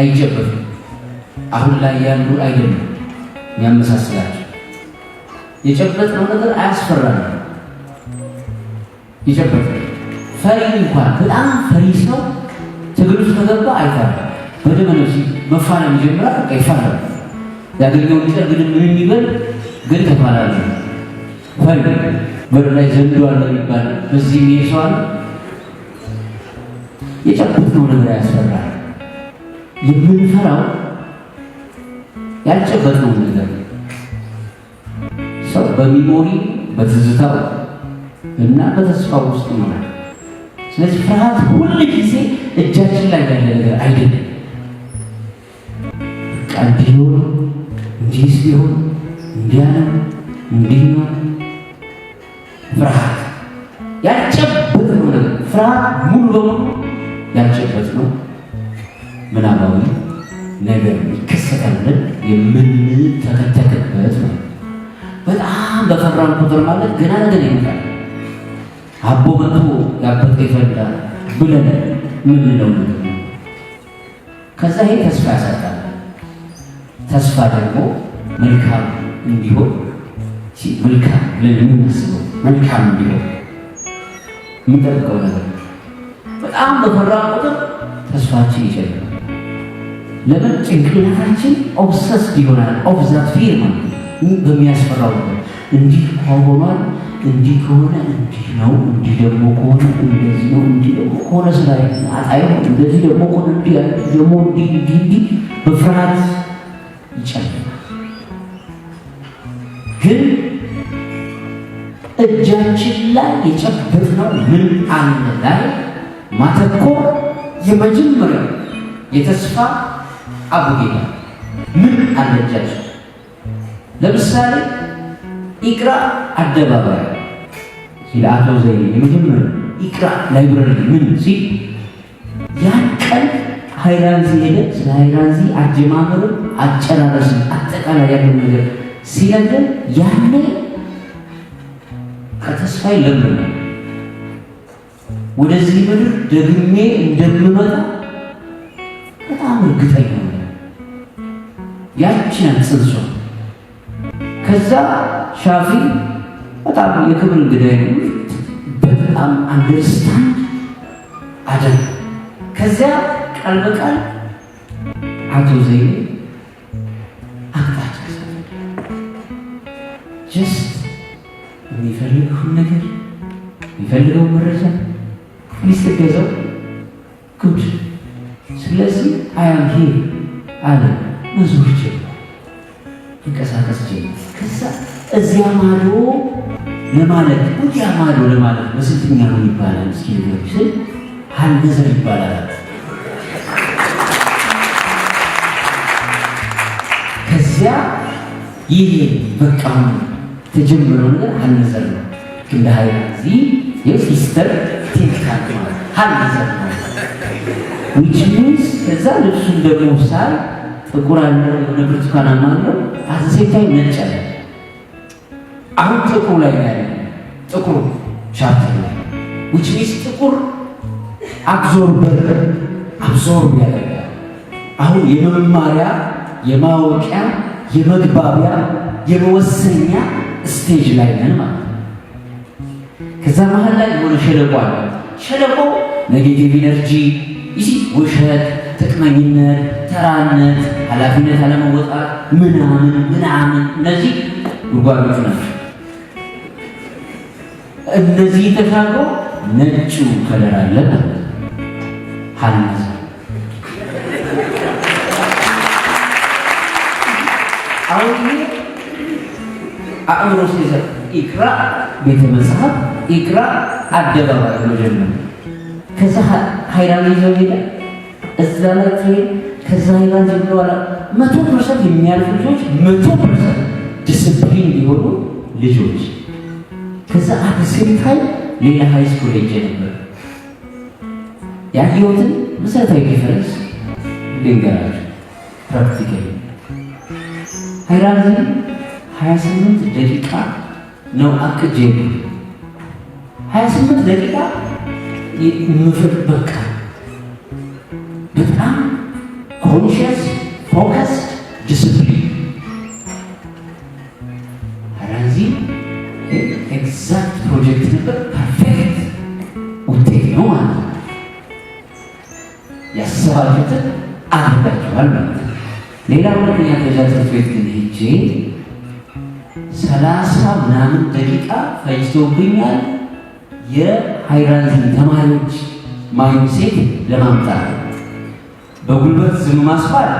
አይጨበጡም። አሁን ላይ ያሉ አይደለም የሚያመሳስላቸው የጨበጥነው ነገር አያስፈራም። የጨበጥ ፈሪ እንኳን በጣም ፈሪ ሰው ትግል ውስጥ ከገባ አይፈራም። በደመ ነፍስ መፋለም ይጀምራል። በቃ ይፋላል። ያገኘው ሊጠር ግን ምን የሚበል ግን ተፋላለ ፈሪ በር ላይ ዘንዶ አለ የሚባል በዚህ የሚሄድ ሰው አለ። የጨበጥነው ነገር አያስፈራም። የምንፈራው ያልጨበጥነው ነገር ሰው በሚሞሪ በትዝታው እና በተስፋ ውስጥ ይሆናል። ስለዚህ ፍርሃት ሁል ጊዜ እጃችን ላይ ያለ ነገር አይደለም። ቃል ቢሆን እንዲህ ሲሆን እንዲያ እንዲህ ነው ፍርሃት ያልጨበጥነው ነገር ፍርሃት ሙሉ በሙሉ ነው። ምናባዊ ነገር ይከሰታልን የምንተከተክበት ነው። በጣም በፈራን ቁጥር ማለት ገና ነገር ይመጣል። አቦ መጥቶ ያበጠ ይፈላ ብለን ነገር ከዛ ይሄ ተስፋ ያሳጣል። ተስፋ ደግሞ መልካም እንዲሆን መልካም ብለን የምናስበው መልካም እንዲሆን የምንጠብቀው ነገር በጣም በፈራን ቁጥር ተስፋችን ይጨልማል። ለምን ጭንቅላታችን ኦብሰስ ይሆናል። ኦብዛት ፊር በሚያስፈራው እንዲህ ሆኗል፣ እንዲህ ከሆነ እንዲህ ነው፣ እንዲህ ደግሞ ከሆነ እንደዚህ ነው፣ እንዲህ ደግሞ ከሆነ ስራ አይሆን፣ እንደዚህ ደግሞ ከሆነ እንዲህ ደግሞ እንዲህ እንዲህ እንዲህ በፍርሃት ይጨልማል። ግን እጃችን ላይ የጨበጥነው ምን አንድ ላይ ማተኮር የመጀመሪያው የተስፋ አቡጌታ ምን አለቻቸው? ለምሳሌ ኢቅራ አደባባይ ሲል ዘይ የመጀመሪያ ኢቅራ ላይብረሪ ምን ሲል ያን ቀን ሃይላንዚ ሄደ። ስለ ሃይላንዚ አጀማመሩ፣ አጨራረሱ፣ አጠቃላይ ያለ ነገር ሲነገር ያለ ከተስፋዬ ለምን ወደዚህ ምድር ደግሜ እንደምመጣ በጣም እርግጠኛ ነው። ያችን ጽንሷ ከዛ ሻፊ በጣም የክብር እንግዳይ በጣም አንደርስታንድ አደረገ። ከዚያ ቃል በቃል አቶ ዘይኔ አቅጣጫ ጀስት የሚፈልገውን ነገር የሚፈልገው መረጃ ሚስትገዛው ጉድ ስለዚህ አያም ሄ አለ መዞር ጀመረ፣ ይንቀሳቀስ ጀመረ። ከዛ እዚያ ማዶ ለማለት ወዲያ ማዶ ለማለት በስንተኛ ነው ይባላል? እስኪ ነገር ስል ሀልነዘር ይባላል። ከዚያ ይሄ በቃ ተጀመረው ነገር ሀልነዘር ነው። እንደ ሀይል የሲስተር ቴክታክ ማለት ሀልነዘር ማለት ዊች ከዛ ልብሱን ደግሞ ሳይ ጥቁር አለ፣ ብርቱካናማ አለ። አዘሴት ላይ ነጭ አለ። አሁን ጥቁሩ ላይ ያለ ጥቁሩ ቻርት ላይ which means ጥቁር አብዞርበር አብዞርብ ያደርጋል። አሁን የመማሪያ የማወቂያ የመግባቢያ የመወሰኛ ስቴጅ ላይ ነን ማለት ነው። ከዛ መሀል ላይ የሆነ ሸለቆ አለ። ሸለቆ ኔጌቲቭ ኢነርጂ ይህ ውሸት ጥቅመኝነት፣ ተራነት፣ ኃላፊነት አለመወጣት ምናምን ምናምን እነዚህ ጉድጓዶች ናቸው። እነዚህ ተሻግሮ ነጩ ከለር አለ ሀልነት አሁን አእምሮ ሲዘ ኢቅራ ቤተ መጽሐፍ ኢቅራ አደባባይ መጀመር ከዛ ሀይራዊ ይዘው ሄደ እዛ ላይ ትሬን ከዛ ይላንድ ይለዋል። መቶ ፐርሰንት የሚያልፉ ልጆች መቶ ፐርሰንት ዲስፕሊን ሊሆኑ ልጆች ከዛ አዲስም ታይም ሌላ ሃይ ስኩል ሄጄ ነበር። ያየሁትን መሰረታዊ ዲፈረንስ ልንገራችሁ። ፕራክቲካል ሃይራርኪ 28 ደቂቃ ነው አቅጄ 28 ደቂቃ ምፍር በቃ በጣም ኮንሽስ ፎከስ ዲስፕሊን እዚህ ኤግዛክት ፕሮጀክት ነበር። ፐርፌክት ውጤት ነው ማለት ነው። ያሰባችሁትን አድርጋችኋል ማለት ነው። ሌላ ሁለተኛ ደረጃ ትምህርት ቤት ግን ሄጄ ሰላሳ ምናምን ደቂቃ ፈጅቶብኛል የሃይራንዚን ተማሪዎች ማይንሴት ለማምጣት በጉልበት ዝም ማስባል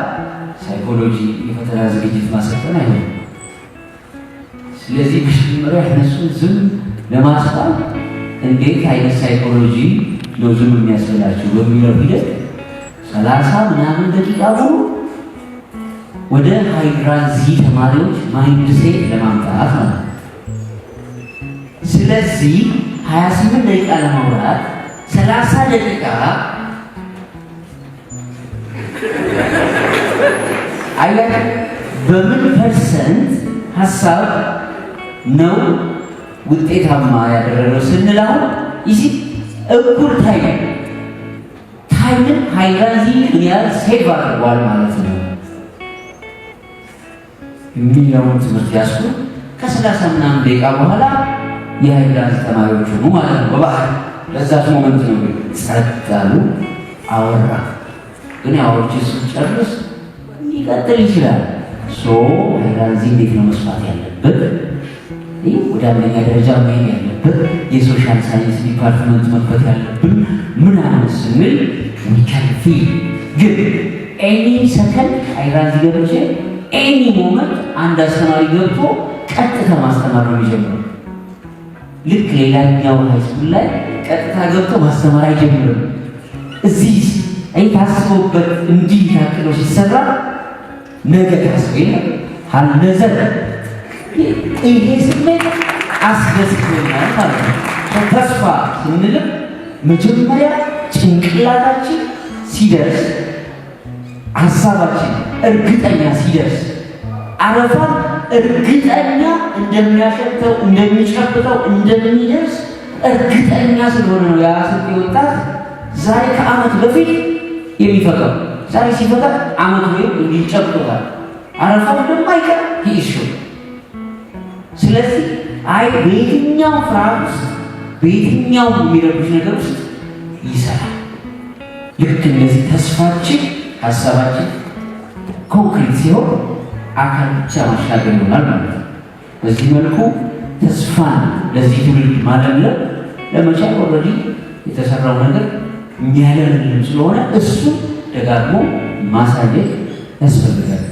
ሳይኮሎጂ የፈተና ዝግጅት ማሰልጠን አይሆንም። ስለዚህ መጀመሪያ እነሱን ዝም ለማስባል እንዴት አይነት ሳይኮሎጂ ነው ዝም የሚያስፈላቸው በሚለው ሂደት ሰላሳ ምናምን ደቂቃ ወደ ሃይድራዚ ተማሪዎች ማይንድ ለማምጣት ማለት ነው። ስለዚህ 28 ደቂቃ ለማውራት 30 ደቂቃ አየ በምን ፐርሰንት ሀሳብ ነው ውጤታማ ያደረገው ስንላው ይህ እኩል ታይም ታይምን ሃይራዚ ያህል ሴቭ አድርጓል ማለት ነው የሚለውን ትምህርት ያስኩ ከሰላሳ ምናምን ደቂቃ በኋላ የሃይላንድ ተማሪዎች ሆኑ ማለት ነው። በባህል ለዛች ሞመንት ነው ጸጥ ያሉ አወራ። ግን አወርቼ ስጨርስ ሊቀጥል ይችላል። ሶ ሃይራርኪ እንዴት ነው መስፋት ያለበት? ይህ ወደ አንደኛ ደረጃ መሄድ ያለበት የሶሻል ሳይንስ ዲፓርትመንት መክፈት ያለብን ምናምን ስንል ዊካንፊ ግን ኤኒ ሰከንድ አይራዚ ገብቼ ኤኒ ሞመንት አንድ አስተማሪ ገብቶ ቀጥታ ማስተማር ነው የሚጀምረው። ልክ ሌላኛው ሃይስኩል ላይ ቀጥታ ገብቶ ማስተማር አይጀምርም። እዚህ አይ ታስቦበት እንዲህ ታቅዶ ሲሰራ ነገ ታስቤ አልነዘር ይሄ ስሜት አስደስቶኛል ማለት ነው። ተስፋ ስንልም መጀመሪያ ጭንቅላታችን ሲደርስ ሀሳባችን እርግጠኛ ሲደርስ አረፋ እርግጠኛ እንደሚያሸተው እንደሚጨብጠው እንደሚደርስ እርግጠኛ ስለሆነ ነው ወጣት ዛሬ ከዓመት በፊት የሚፈቀው ዛሬ ሲፈታ አመት ወይም እንዲጨብጦታል። አረፋው አይቀር ይእሱ። ስለዚህ አይ በየትኛው ፍርሃት ውስጥ በየትኛው የሚረብሽ ነገር ውስጥ ይሰራል። ልክ እንደዚህ ተስፋችን ሀሳባችን ኮንክሪት ሲሆን አካል ብቻ ማሻገር ይሆናል ማለት ነው። በዚህ መልኩ ተስፋን ለዚህ ትውልድ ማለምለም ለመቻል ኦልሬዲ የተሰራው ነገር የሚያለምልም ስለሆነ እሱ ደጋግሞ ማሳየት ያስፈልጋል።